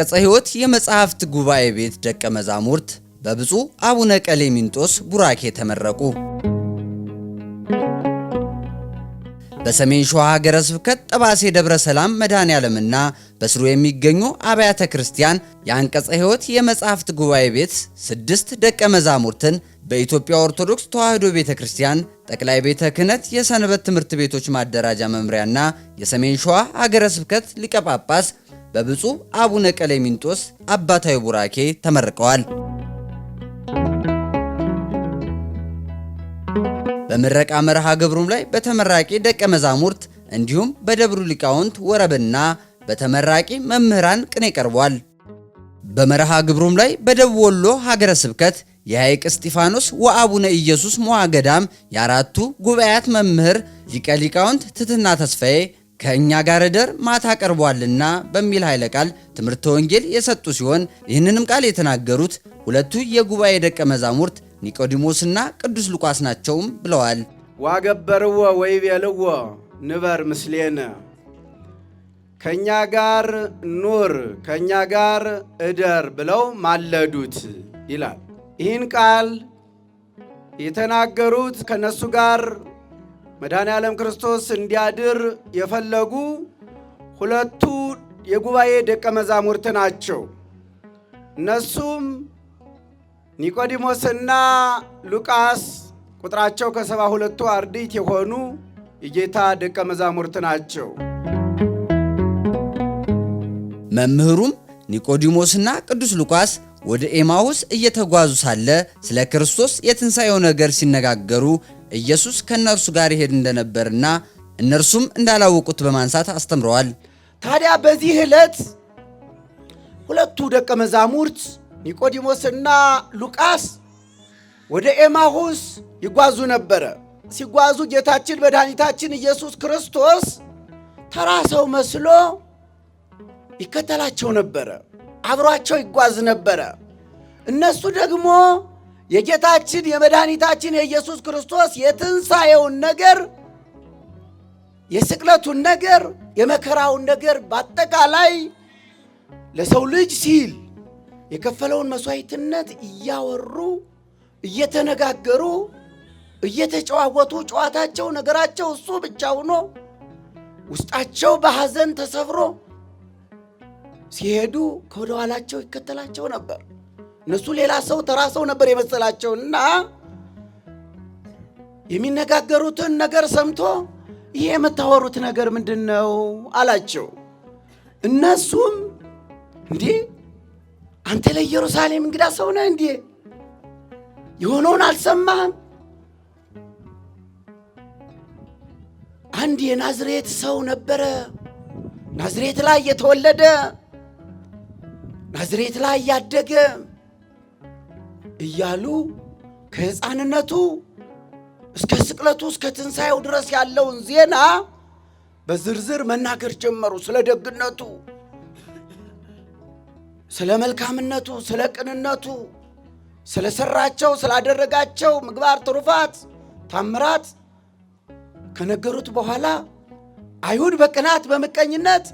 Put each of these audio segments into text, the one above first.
አንቀጸ ሕይወት የመጽሐፍት ጉባኤ ቤት ደቀ መዛሙርት በብፁዕ አቡነ ቀሌምንጦስ ቡራኬ ተመረቁ። በሰሜን ሸዋ ሀገረ ስብከት ጠባሴ ደብረ ሰላም መድኃኔ ዓለምና በስሩ የሚገኙ አብያተ ክርስቲያን የአንቀጸ ሕይወት የመጻሕፍት ጉባኤ ቤት ስድስት ደቀ መዛሙርትን በኢትዮጵያ ኦርቶዶክስ ተዋሕዶ ቤተ ክርስቲያን ጠቅላይ ቤተ ክህነት የሰንበት ትምህርት ቤቶች ማደራጃ መምሪያና የሰሜን ሸዋ ሀገረ ስብከት ሊቀ ጳጳስ በብፁዕ አቡነ ቀሌምንጦስ አባታዊ ቡራኬ ተመርቀዋል። በምረቃ መርሃ ግብሩም ላይ በተመራቂ ደቀ መዛሙርት እንዲሁም በደብሩ ሊቃውንት ወረብና በተመራቂ መምህራን ቅኔ ቀርቧል። በመርሃ ግብሩም ላይ በደቡብ ወሎ ሀገረ ስብከት የሐይቅ እስጢፋኖስ ወአቡነ ኢየሱስ መዋገዳም የአራቱ ጉባኤያት መምህር ሊቀ ሊቃውንት ትሕትና ተስፋዬ ከእኛ ጋር እደር ማታ ቀርቧልና በሚል ኃይለ ቃል ትምህርተ ወንጌል የሰጡ ሲሆን ይህንንም ቃል የተናገሩት ሁለቱ የጉባኤ ደቀ መዛሙርት ኒቆዲሞስና ቅዱስ ሉቃስ ናቸውም ብለዋል። ዋገበርዎ ወይቤልዎ ንበር ምስሌነ፣ ከእኛ ጋር ኑር ከእኛ ጋር እደር ብለው ማለዱት ይላል። ይህን ቃል የተናገሩት ከነሱ ጋር መድኃኔ ዓለም ክርስቶስ እንዲያድር የፈለጉ ሁለቱ የጉባኤ ደቀ መዛሙርት ናቸው። እነሱም ኒቆዲሞስና ሉቃስ ቁጥራቸው ከሰባ ሁለቱ አርድእት የሆኑ የጌታ ደቀ መዛሙርት ናቸው። መምህሩም ኒቆዲሞስና ቅዱስ ሉቃስ ወደ ኤማውስ እየተጓዙ ሳለ ስለ ክርስቶስ የትንሣኤው ነገር ሲነጋገሩ ኢየሱስ ከእነርሱ ጋር ይሄድ እንደነበርና እነርሱም እንዳላወቁት በማንሳት አስተምረዋል። ታዲያ በዚህ ዕለት ሁለቱ ደቀ መዛሙርት ኒቆዲሞስና ሉቃስ ወደ ኤማሁስ ይጓዙ ነበረ። ሲጓዙ ጌታችን መድኃኒታችን ኢየሱስ ክርስቶስ ተራ ሰው መስሎ ይከተላቸው ነበረ፣ አብሯቸው ይጓዝ ነበረ። እነሱ ደግሞ የጌታችን የመድኃኒታችን የኢየሱስ ክርስቶስ የትንሣኤውን ነገር የስቅለቱን ነገር የመከራውን ነገር በአጠቃላይ ለሰው ልጅ ሲል የከፈለውን መሥዋዕትነት እያወሩ እየተነጋገሩ እየተጨዋወቱ ጨዋታቸው ነገራቸው እሱ ብቻ ሆኖ ውስጣቸው በሐዘን ተሰብሮ ሲሄዱ ከወደኋላቸው ይከተላቸው ነበር። እነሱ ሌላ ሰው ተራ ሰው ነበር የመሰላቸው እና የሚነጋገሩትን ነገር ሰምቶ ይህ የምታወሩት ነገር ምንድን ነው አላቸው። እነሱም እንዴ አንተ ለኢየሩሳሌም እንግዳ ሰው ነህ እንዴ? የሆነውን አልሰማህም? አንድ የናዝሬት ሰው ነበረ። ናዝሬት ላይ የተወለደ ናዝሬት ላይ ያደገ እያሉ ከሕፃንነቱ እስከ ስቅለቱ እስከ ትንሣኤው ድረስ ያለውን ዜና በዝርዝር መናገር ጀመሩ። ስለ ደግነቱ፣ ስለ መልካምነቱ፣ ስለ ቅንነቱ፣ ስለ ሠራቸው፣ ስላደረጋቸው ምግባር፣ ትሩፋት፣ ታምራት ከነገሩት በኋላ አይሁድ በቅናት በምቀኝነት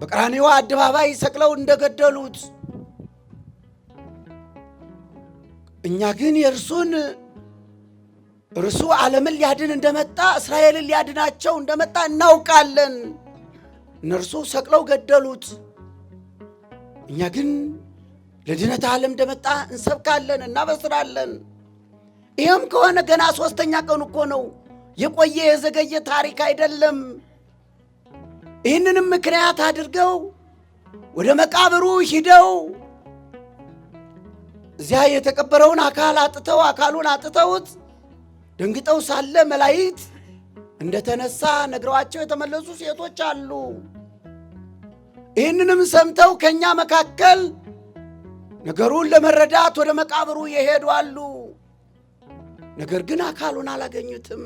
በቀራንዮ አደባባይ ሰቅለው እንደገደሉት እኛ ግን የእርሱን እርሱ ዓለምን ሊያድን እንደመጣ እስራኤልን ሊያድናቸው እንደመጣ እናውቃለን። እነርሱ ሰቅለው ገደሉት። እኛ ግን ለድነት ዓለም እንደመጣ እንሰብካለን፣ እናበስራለን። ይህም ከሆነ ገና ሦስተኛ ቀን እኮ ነው። የቆየ የዘገየ ታሪክ አይደለም። ይህንንም ምክንያት አድርገው ወደ መቃብሩ ሂደው እዚያ የተቀበረውን አካል አጥተው አካሉን አጥተውት ደንግጠው ሳለ መላይት እንደተነሳ ነግረዋቸው የተመለሱ ሴቶች አሉ። ይህንንም ሰምተው ከእኛ መካከል ነገሩን ለመረዳት ወደ መቃብሩ የሄዱ አሉ። ነገር ግን አካሉን አላገኙትም።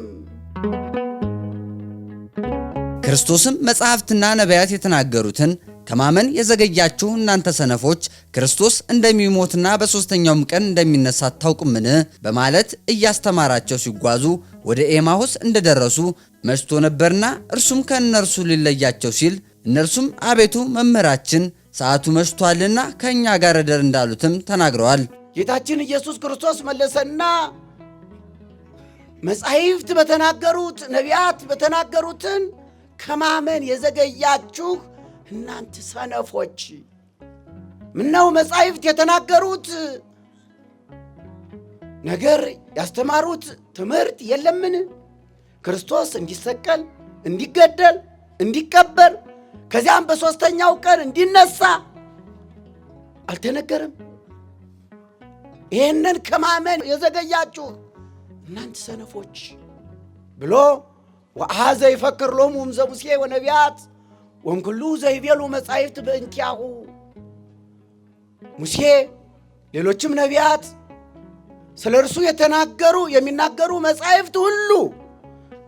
ክርስቶስም መጻሕፍትና ነቢያት የተናገሩትን ከማመን የዘገያችሁ እናንተ ሰነፎች ክርስቶስ እንደሚሞትና በሦስተኛውም ቀን እንደሚነሳ አታውቁምን? በማለት እያስተማራቸው ሲጓዙ ወደ ኤማሁስ እንደደረሱ መሽቶ ነበርና እርሱም ከእነርሱ ሊለያቸው ሲል እነርሱም አቤቱ መምህራችን ሰዓቱ መሽቷልና ከእኛ ጋር እደር እንዳሉትም ተናግረዋል። ጌታችን ኢየሱስ ክርስቶስ መለሰና መጻሕፍት በተናገሩት ነቢያት በተናገሩትን ከማመን የዘገያችሁ እናንተ ሰነፎች ምናው መጻሕፍት የተናገሩት ነገር ያስተማሩት ትምህርት የለምን? ክርስቶስ እንዲሰቀል፣ እንዲገደል፣ እንዲቀበር ከዚያም በሦስተኛው ቀን እንዲነሳ አልተነገረም? ይህንን ከማመን የዘገያችሁ እናንተ ሰነፎች ብሎ ወአሐዘ ይፈክር ሎሙ እምዘ ሙሴ ወነቢያት ወንክሉ ዘይቤሉ መጻሕፍት በእንቲአሁ ሙሴ፣ ሌሎችም ነቢያት ስለ እርሱ የተናገሩ የሚናገሩ መጻሕፍት ሁሉ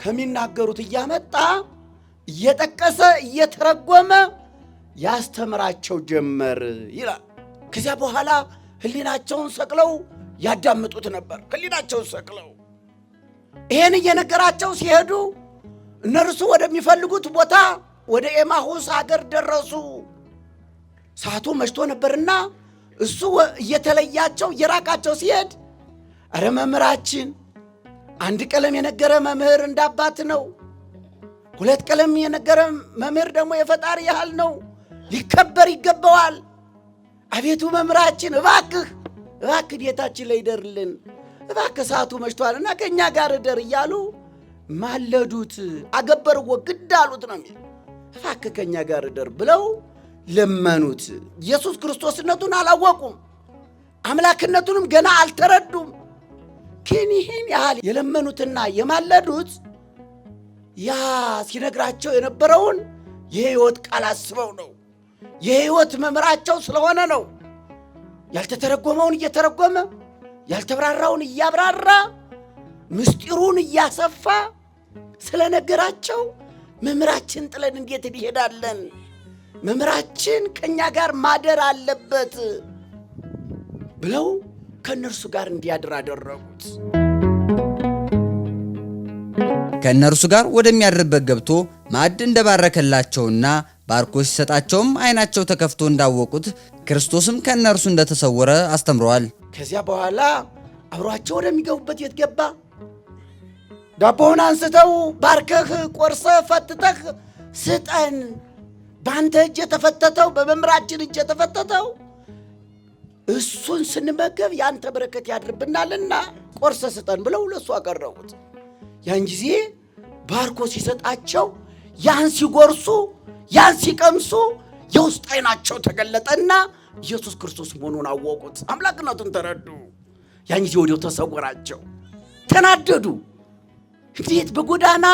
ከሚናገሩት እያመጣ እየጠቀሰ እየተረጎመ ያስተምራቸው ጀመር ይላል። ከዚያ በኋላ ህሊናቸውን ሰቅለው ያዳምጡት ነበር። ህሊናቸውን ሰቅለው ይሄን እየነገራቸው ሲሄዱ እነርሱ ወደሚፈልጉት ቦታ ወደ ኤማሁስ አገር ደረሱ። ሰዓቱ መሽቶ ነበርና እሱ እየተለያቸው እየራቃቸው ሲሄድ አረ መምህራችን አንድ ቀለም የነገረ መምህር እንዳባት ነው፣ ሁለት ቀለም የነገረ መምህር ደግሞ የፈጣሪ ያህል ነው፣ ሊከበር ይገባዋል። አቤቱ መምህራችን እባክህ እባክህ ቤታችን ላይ ይደርልን፣ እባክህ ሰዓቱ መሽቷል እና ከእኛ ጋር እደር እያሉ ማለዱት። አገበርዎ ግድ አሉት ነው የሚል እባክህ ከእኛ ጋር እደር ብለው ለመኑት። ኢየሱስ ክርስቶስነቱን አላወቁም፣ አምላክነቱንም ገና አልተረዱም። ግን ይህን ያህል የለመኑትና የማለዱት ያ ሲነግራቸው የነበረውን የሕይወት ቃል አስበው ነው። የሕይወት መምህራቸው ስለሆነ ነው። ያልተተረጎመውን እየተረጎመ ያልተብራራውን እያብራራ ምስጢሩን እያሰፋ ስለነገራቸው መምህራችን ጥለን እንዴት እንሄዳለን? መምህራችን ከእኛ ጋር ማደር አለበት ብለው ከእነርሱ ጋር እንዲያድር አደረጉት። ከእነርሱ ጋር ወደሚያድርበት ገብቶ ማዕድ እንደባረከላቸውና ባርኮ ሲሰጣቸውም ዓይናቸው ተከፍቶ እንዳወቁት ክርስቶስም ከእነርሱ እንደተሰወረ አስተምረዋል። ከዚያ በኋላ አብሯቸው ወደሚገቡበት የት ገባ? ዳቦውን አንስተው ባርከህ ቆርሰ ፈትተህ ስጠን በአንተ እጅ የተፈተተው በመምራችን እጅ የተፈተተው እሱን ስንመገብ የአንተ በረከት ያድርብናልና ቆርሰ ስጠን ብለው ለእሱ አቀረቡት። ያን ጊዜ ባርኮ ሲሰጣቸው ያን ሲጎርሱ ያን ሲቀምሱ የውስጥ ዓይናቸው ተገለጠና ኢየሱስ ክርስቶስ መሆኑን አወቁት። አምላክነቱን ተረዱ። ያን ጊዜ ወዲያው ተሰወራቸው፣ ተናደዱ። እንዴት በጎዳና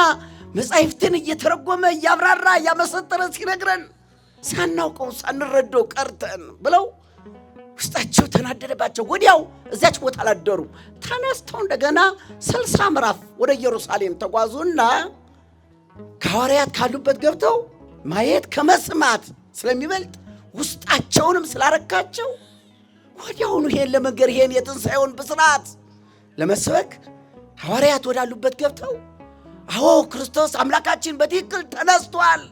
መጻሕፍትን እየተረጎመ እያብራራ እያመሰጠረ ሲነግረን ሳናውቀው ሳንረዳው ቀርተን ብለው ውስጣቸው ተናደደባቸው። ወዲያው እዚያች ቦታ አላደሩም። ተነስተው እንደገና ስልሳ ምዕራፍ ወደ ኢየሩሳሌም ተጓዙና ከሐዋርያት ካሉበት ገብተው ማየት ከመስማት ስለሚበልጥ ውስጣቸውንም ስላረካቸው ወዲያውኑ ይሄን ለመንገር ይሄን የትንሣኤውን ብስራት ለመስበክ ሐዋርያት ወዳሉበት ገብተው አዎ ክርስቶስ አምላካችን በትክክል ተነስቷል።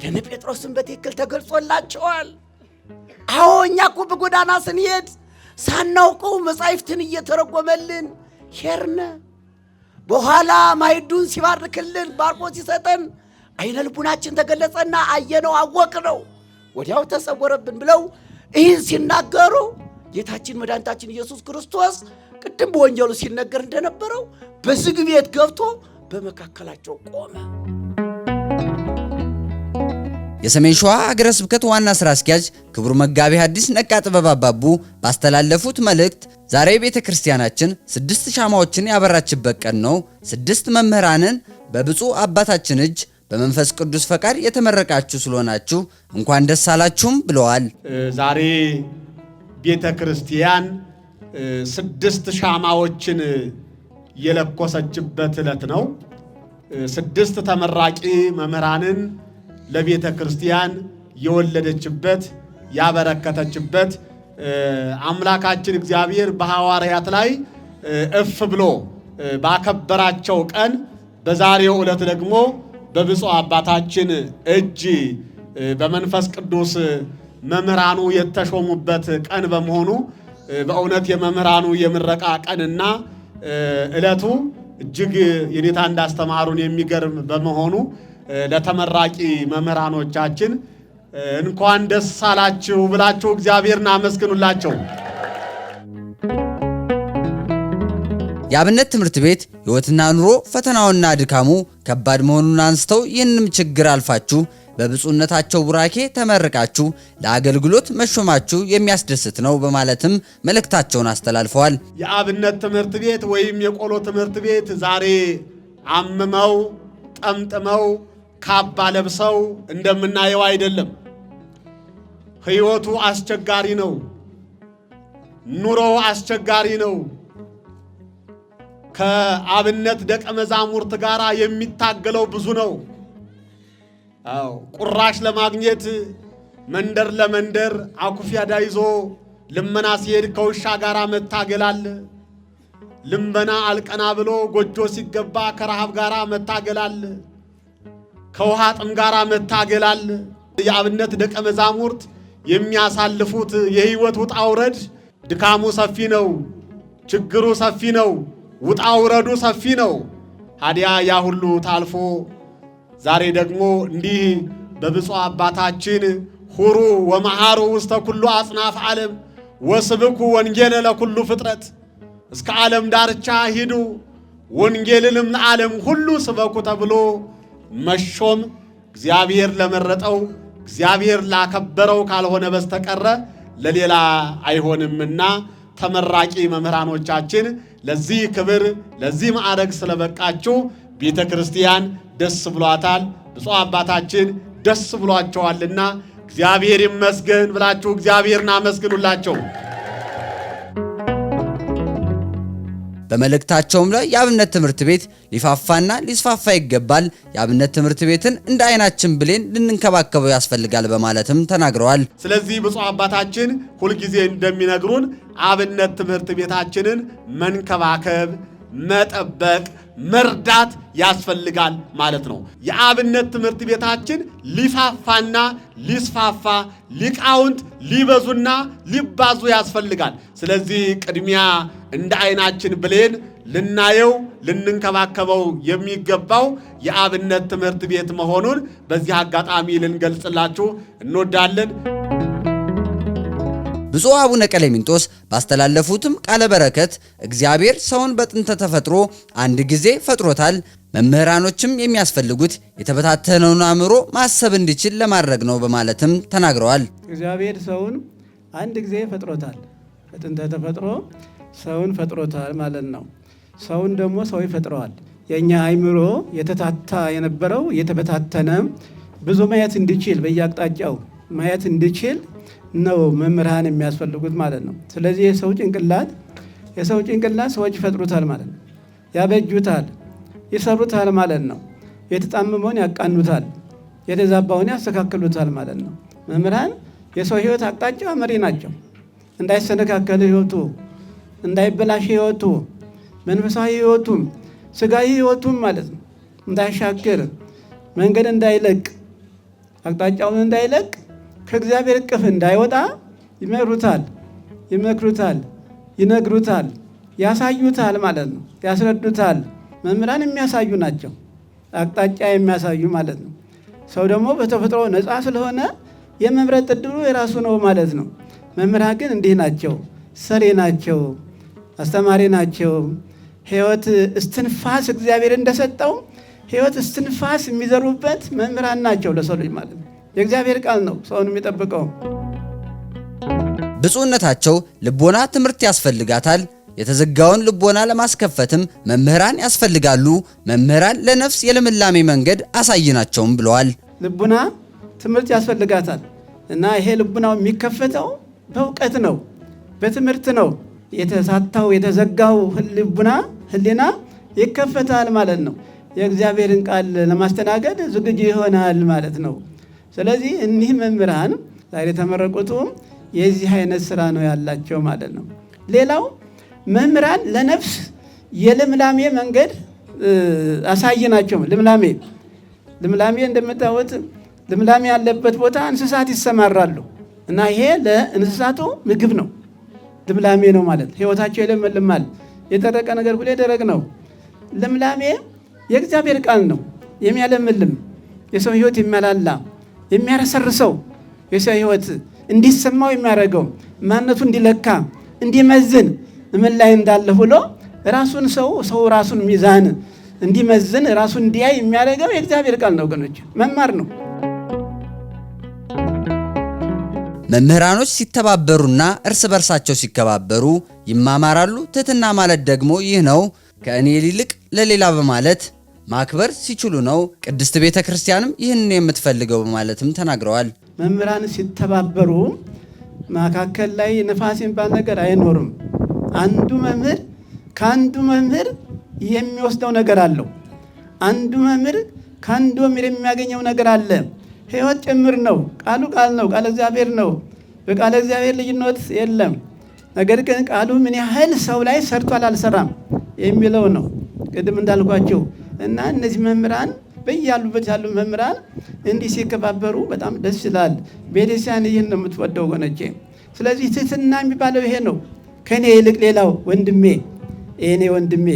ለነ ጴጥሮስም በትክክል ተገልጾላቸዋል። አዎ እኛ እኮ በጎዳና ስንሄድ ሳናውቀው መጻሕፍትን እየተረጎመልን ሄርነ። በኋላ ማይዱን ሲባርክልን ባርኮ ሲሰጠን አይነ ልቡናችን ተገለጸና አየነው፣ አወቅነው፣ ወዲያው ተሰወረብን ብለው ይህን ሲናገሩ ጌታችን መድኃኒታችን ኢየሱስ ክርስቶስ ቅድም በወንጀሉ ሲነገር እንደነበረው በዝግ ቤት ገብቶ በመካከላቸው ቆመ። የሰሜን ሸዋ ሀገረ ስብከት ዋና ስራ አስኪያጅ ክቡር መጋቢ ሐዲስ ነቃ ጥበብ አባቡ ባስተላለፉት መልእክት ዛሬ ቤተ ክርስቲያናችን ስድስት ሻማዎችን ያበራችበት ቀን ነው። ስድስት መምህራንን በብፁዕ አባታችን እጅ በመንፈስ ቅዱስ ፈቃድ የተመረቃችሁ ስለሆናችሁ እንኳን ደስ አላችሁም ብለዋል። ዛሬ ቤተ ክርስቲያን ስድስት ሻማዎችን የለኮሰችበት ዕለት ነው። ስድስት ተመራቂ መምህራንን ለቤተ ክርስቲያን የወለደችበት ያበረከተችበት አምላካችን እግዚአብሔር በሐዋርያት ላይ እፍ ብሎ ባከበራቸው ቀን በዛሬው ዕለት ደግሞ በብፁዕ አባታችን እጅ በመንፈስ ቅዱስ መምህራኑ የተሾሙበት ቀን በመሆኑ በእውነት የመምህራኑ የምረቃ ቀንና እለቱ እጅግ የኔታ እንዳስተማሩን የሚገርም በመሆኑ ለተመራቂ መምህራኖቻችን እንኳን ደስ አላችሁ ብላችሁ እግዚአብሔርን አመስግኑላቸው። የአብነት ትምህርት ቤት ሕይወትና ኑሮ ፈተናውና ድካሙ ከባድ መሆኑን አንስተው ይህንም ችግር አልፋችሁ በብፁዕነታቸው ቡራኬ ተመርቃችሁ ለአገልግሎት መሾማችሁ የሚያስደስት ነው በማለትም መልእክታቸውን አስተላልፈዋል። የአብነት ትምህርት ቤት ወይም የቆሎ ትምህርት ቤት ዛሬ አምመው ጠምጥመው ካባ ለብሰው እንደምናየው አይደለም። ሕይወቱ አስቸጋሪ ነው። ኑሮው አስቸጋሪ ነው። ከአብነት ደቀ መዛሙርት ጋር የሚታገለው ብዙ ነው። አዎ ቁራሽ ለማግኘት መንደር ለመንደር አኩፊያዳ ይዞ ልመና ሲሄድ ከውሻ ጋር መታገል አለ። ልመና አልቀና ብሎ ጎጆ ሲገባ ከረሃብ ጋር መታገል አለ። ከውሃ ጥም ጋር መታገል አለ። የአብነት ደቀ መዛሙርት የሚያሳልፉት የህይወት ውጣ ውረድ ድካሙ ሰፊ ነው፣ ችግሩ ሰፊ ነው፣ ውጣ ውረዱ ሰፊ ነው። ታዲያ ያ ሁሉ ታልፎ ዛሬ ደግሞ እንዲህ በብፁዕ አባታችን ሁሩ ወመሃሩ ውስተ ኩሉ አጽናፍ ዓለም ወስብኩ ወንጌለ ለኩሉ ፍጥረት እስከ ዓለም ዳርቻ ሂዱ ወንጌልንም ለዓለም ሁሉ ስበኩ ተብሎ መሾም እግዚአብሔር ለመረጠው እግዚአብሔር ላከበረው ካልሆነ በስተቀረ ለሌላ አይሆንምና ተመራቂ መምህራኖቻችን ለዚህ ክብር ለዚህ ማዕረግ ስለበቃችሁ ቤተ ክርስቲያን ደስ ብሏታል። ብፁዕ አባታችን ደስ ብሏቸዋልና እግዚአብሔር ይመስገን ብላችሁ እግዚአብሔርን አመስግኑላቸው። በመልእክታቸውም ላይ የአብነት ትምህርት ቤት ሊፋፋና ሊስፋፋ ይገባል፣ የአብነት ትምህርት ቤትን እንደ አይናችን ብሌን ልንንከባከበው ያስፈልጋል በማለትም ተናግረዋል። ስለዚህ ብፁዕ አባታችን ሁልጊዜ እንደሚነግሩን አብነት ትምህርት ቤታችንን መንከባከብ መጠበቅ፣ መርዳት ያስፈልጋል ማለት ነው። የአብነት ትምህርት ቤታችን ሊፋፋና ሊስፋፋ ሊቃውንት ሊበዙና ሊባዙ ያስፈልጋል። ስለዚህ ቅድሚያ እንደ አይናችን ብሌን ልናየው ልንንከባከበው የሚገባው የአብነት ትምህርት ቤት መሆኑን በዚህ አጋጣሚ ልንገልጽላችሁ እንወዳለን። ብፁዕ አቡነ ቀሌምንጦስ ባስተላለፉትም ቃለ በረከት እግዚአብሔር ሰውን በጥንተ ተፈጥሮ አንድ ጊዜ ፈጥሮታል። መምህራኖችም የሚያስፈልጉት የተበታተነውን አእምሮ ማሰብ እንዲችል ለማድረግ ነው በማለትም ተናግረዋል። እግዚአብሔር ሰውን አንድ ጊዜ ፈጥሮታል። በጥንተ ተፈጥሮ ሰውን ፈጥሮታል ማለት ነው። ሰውን ደግሞ ሰው ይፈጥረዋል። የእኛ አይምሮ የተታታ የነበረው የተበታተነ ብዙ ማየት እንዲችል በየአቅጣጫው ማየት እንዲችል ነው መምህራን የሚያስፈልጉት ማለት ነው። ስለዚህ የሰው ጭንቅላት የሰው ጭንቅላት ሰዎች ይፈጥሩታል ማለት ነው። ያበጁታል፣ ይሰሩታል ማለት ነው። የተጣመመውን ያቃኑታል፣ የተዛባውን ያስተካክሉታል ማለት ነው። መምህራን የሰው ህይወት አቅጣጫ መሪ ናቸው። እንዳይሰነካከል ህይወቱ እንዳይበላሽ ህይወቱ መንፈሳዊ ህይወቱም ስጋዊ ህይወቱም ማለት ነው እንዳይሻክር መንገድ እንዳይለቅ አቅጣጫውን እንዳይለቅ ከእግዚአብሔር እቅፍ እንዳይወጣ ይመሩታል፣ ይመክሩታል፣ ይነግሩታል፣ ያሳዩታል ማለት ነው። ያስረዱታል። መምህራን የሚያሳዩ ናቸው፣ አቅጣጫ የሚያሳዩ ማለት ነው። ሰው ደግሞ በተፈጥሮ ነፃ ስለሆነ የመምረጥ እድሉ የራሱ ነው ማለት ነው። መምህራን ግን እንዲህ ናቸው፣ ሰሌ ናቸው፣ አስተማሪ ናቸው። ህይወት እስትንፋስ እግዚአብሔር እንደሰጠው ህይወት እስትንፋስ የሚዘሩበት መምህራን ናቸው ለሰው ልጅ ማለት ነው። የእግዚአብሔር ቃል ነው ሰውን የሚጠብቀው። ብፁዕነታቸው ልቦና ትምህርት ያስፈልጋታል። የተዘጋውን ልቦና ለማስከፈትም መምህራን ያስፈልጋሉ። መምህራን ለነፍስ የልምላሜ መንገድ አሳይናቸውም ብለዋል። ልቡና ትምህርት ያስፈልጋታል እና ይሄ ልቡናው የሚከፈተው በእውቀት ነው፣ በትምህርት ነው። የተሳታው የተዘጋው ልቡና ህሊና ይከፈታል ማለት ነው። የእግዚአብሔርን ቃል ለማስተናገድ ዝግጁ ይሆናል ማለት ነው። ስለዚህ እኒህ መምህራን ዛሬ የተመረቁትም የዚህ አይነት ስራ ነው ያላቸው ማለት ነው። ሌላው መምህራን ለነፍስ የልምላሜ መንገድ አሳይ ናቸው። ልምላሜ ልምላሜ እንደምታወት ልምላሜ ያለበት ቦታ እንስሳት ይሰማራሉ እና ይሄ ለእንስሳቱ ምግብ ነው፣ ልምላሜ ነው ማለት ህይወታቸው ይለመልማል። የደረቀ ነገር ሁሌ ደረቅ ነው። ልምላሜ የእግዚአብሔር ቃል ነው የሚያለምልም የሰው ህይወት የሚያላላ የሚያረሰርሰው የሰው ህይወት እንዲሰማው የሚያደርገው ማንነቱ እንዲለካ እንዲመዝን ምን ላይ እንዳለ ብሎ ራሱን ሰው ሰው ራሱን ሚዛን እንዲመዝን ራሱን እንዲያይ የሚያደርገው የእግዚአብሔር ቃል ነው። ወገኖች መማር ነው። መምህራኖች ሲተባበሩና እርስ በርሳቸው ሲከባበሩ ይማማራሉ። ትህትና ማለት ደግሞ ይህ ነው፣ ከእኔ ይልቅ ለሌላ በማለት ማክበር ሲችሉ ነው። ቅድስት ቤተ ክርስቲያንም ይህን የምትፈልገው በማለትም ተናግረዋል። መምህራን ሲተባበሩ መካከል ላይ ነፋስ የሚባል ነገር አይኖርም። አንዱ መምህር ከአንዱ መምህር የሚወስደው ነገር አለው። አንዱ መምህር ከአንዱ መምህር የሚያገኘው ነገር አለ። ሕይወት ጭምር ነው። ቃሉ ቃል ነው። ቃለ እግዚአብሔር ነው። በቃለ እግዚአብሔር ልዩነት የለም። ነገር ግን ቃሉ ምን ያህል ሰው ላይ ሰርቷል አልሰራም የሚለው ነው። ቅድም እንዳልኳቸው እና እነዚህ መምህራን በያሉበት ያሉ መምህራን እንዲህ ሲከባበሩ በጣም ደስ ይላል። ቤተክርስቲያን ይህን ነው የምትወደው ወገኖቼ። ስለዚህ ትህትና የሚባለው ይሄ ነው። ከእኔ ይልቅ ሌላው ወንድሜ፣ እኔ ወንድሜ፣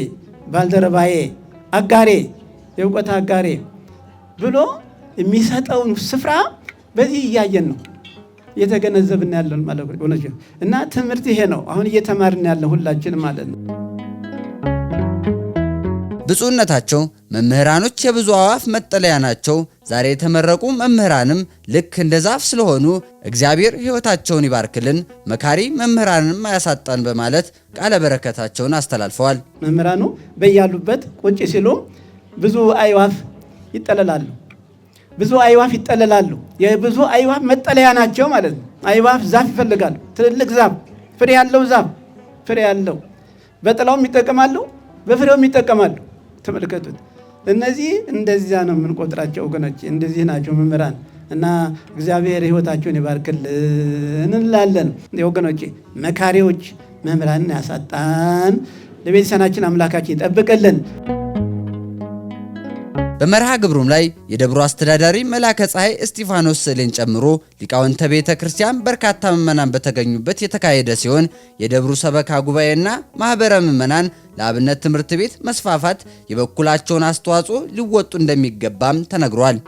ባልደረባዬ፣ አጋሬ፣ የእውቀት አጋሬ ብሎ የሚሰጠውን ስፍራ በዚህ እያየን ነው እየተገነዘብን ያለን ማለት ነው። እና ትምህርት ይሄ ነው። አሁን እየተማርን ያለን ሁላችን ማለት ነው። ብፁዕነታቸው መምህራኖች የብዙ አዋፍ መጠለያ ናቸው። ዛሬ የተመረቁ መምህራንም ልክ እንደ ዛፍ ስለሆኑ እግዚአብሔር ሕይወታቸውን ይባርክልን፣ መካሪ መምህራንንም አያሳጣን በማለት ቃለ በረከታቸውን አስተላልፈዋል። መምህራኑ በያሉበት ቁጭ ሲሉ ብዙ አይዋፍ ይጠለላሉ። ብዙ አይዋፍ ይጠለላሉ። የብዙ አይዋፍ መጠለያ ናቸው ማለት ነው። አይዋፍ ዛፍ ይፈልጋሉ። ትልልቅ ዛፍ፣ ፍሬ ያለው ዛፍ ፍሬ ያለው በጥላውም ይጠቀማሉ፣ በፍሬውም ይጠቀማሉ። ተመልከቱት። እነዚህ እንደዚያ ነው የምንቆጥራቸው ወገኖች፣ እንደዚህ ናቸው መምህራን እና እግዚአብሔር ሕይወታቸውን ይባርክልን እንላለን ወገኖች መካሪዎች መምህራንን ያሳጣን፣ ለቤተሰናችን አምላካችን ይጠብቅልን። በመርሃ ግብሩም ላይ የደብሩ አስተዳዳሪ መላከ ፀሐይ እስጢፋኖስ ስዕልን ጨምሮ ሊቃውንተ ቤተ ክርስቲያን በርካታ ምዕመናን በተገኙበት የተካሄደ ሲሆን የደብሩ ሰበካ ጉባኤና ማኅበረ ምዕመናን ለአብነት ትምህርት ቤት መስፋፋት የበኩላቸውን አስተዋጽኦ ሊወጡ እንደሚገባም ተነግሯል።